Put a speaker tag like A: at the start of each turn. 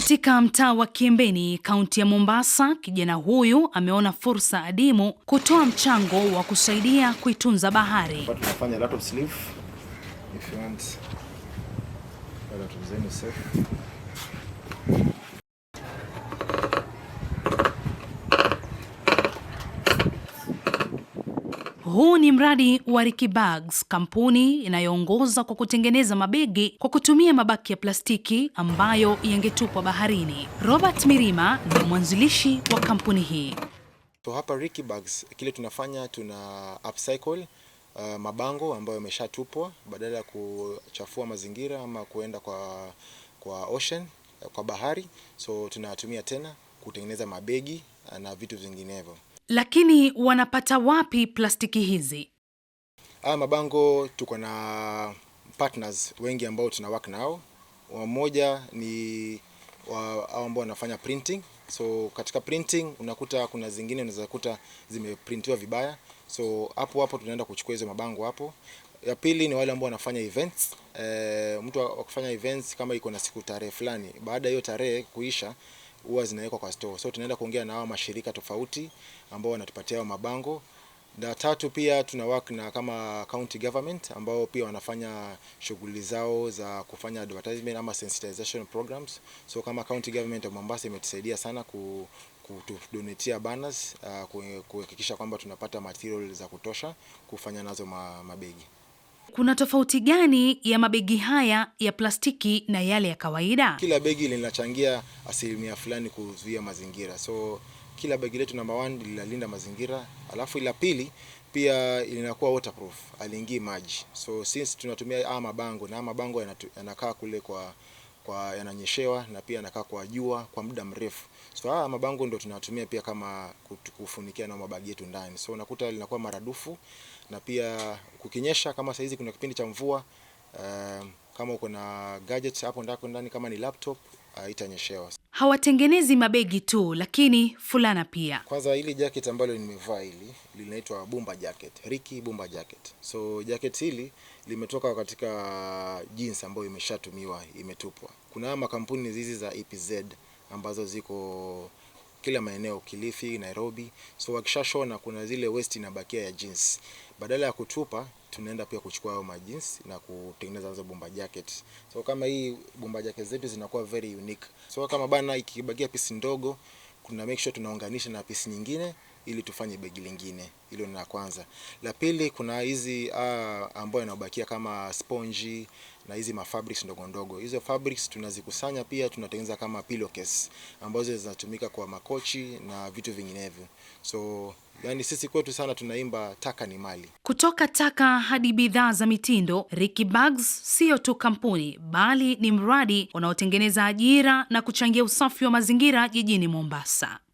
A: Katika mtaa wa Kiembeni, kaunti ya Mombasa, kijana huyu ameona fursa adimu kutoa mchango wa kusaidia kuitunza bahari. Huu ni mradi wa Ricky Bags, kampuni inayoongoza kwa kutengeneza mabegi kwa kutumia mabaki ya plastiki ambayo yangetupwa baharini. Robert Mirima ni mwanzilishi wa kampuni hii.
B: So hapa Ricky Bags, kile tunafanya tuna upcycle uh, mabango ambayo yameshatupwa badala ya kuchafua mazingira ama kuenda kwa, kwa ocean kwa bahari, so tunayatumia tena kutengeneza mabegi na vitu vinginevyo.
A: Lakini wanapata wapi plastiki hizi?
B: Haya mabango tuko na partners wengi ambao tuna work nao. Mmoja ni hao ambao wanafanya printing. So katika printing unakuta kuna zingine unaweza kuta zimeprintiwa vibaya, so hapo hapo tunaenda kuchukua hizo mabango hapo. Ya pili ni wale ambao wanafanya events. E, mtu kufanya events kama iko na siku tarehe fulani, baada ya hiyo tarehe kuisha huwa zinawekwa kwa store. So tunaenda kuongea na hao mashirika tofauti ambao wanatupatia mabango na tatu pia tuna work na kama county government ambao pia wanafanya shughuli zao za kufanya advertisement ama sensitization programs. So kama county government ya Mombasa imetusaidia sana ku kutudonetia banners uh, kuhakikisha kwamba tunapata material za kutosha kufanya nazo mabegi.
A: Kuna tofauti gani ya mabegi haya ya plastiki na yale ya kawaida?
B: Kila begi linachangia asilimia fulani kuzuia mazingira, so kila begi letu namba 1 linalinda mazingira, alafu la pili pia linakuwa waterproof, aliingii maji. So since tunatumia haya mabango na haya mabango yanakaa kule kwa kwa yananyeshewa na pia yanakaa kwa jua kwa muda mrefu. So haya mabango ndio tunatumia pia kama kufunikia na mabagi yetu ndani. So unakuta linakuwa maradufu na pia kukinyesha, kama hizi kuna kipindi cha mvua uh, kama uko na gadgets hapo ndako ndani kama ni laptop uh, itanyeshewa
A: hawatengenezi mabegi tu, lakini fulana pia.
B: Kwanza hili jaket ambalo nimevaa hili linaitwa Bumba jaket riki Bumba jaket So jaket hili limetoka katika jeans ambayo imeshatumiwa imetupwa. Kuna haya makampuni hizi za EPZ ambazo ziko kila maeneo Kilifi, Nairobi. So wakishashona kuna zile west inabakia ya jins badala ya kutupa tunaenda pia kuchukua hayo majinsi na kutengeneza hizo bomba jacket. So kama hii bomba jacket zetu zinakuwa very unique. So kama bana, ikibakia pisi ndogo, kuna make sure tunaunganisha na pisi nyingine ili tufanye begi lingine. Hilo ni la kwanza. La pili, kuna hizi ah, ambayo inabakia kama sponji na hizi mafabrics ndogo ndogo. Hizo fabrics tunazikusanya pia tunatengeneza kama pillowcase ambazo zinatumika kwa makochi na vitu vinginevyo. So yani sisi kwetu sana tunaimba taka ni mali.
A: Kutoka taka hadi bidhaa za mitindo, Ricky Bags sio tu kampuni bali ni mradi unaotengeneza ajira na kuchangia usafi wa mazingira jijini Mombasa.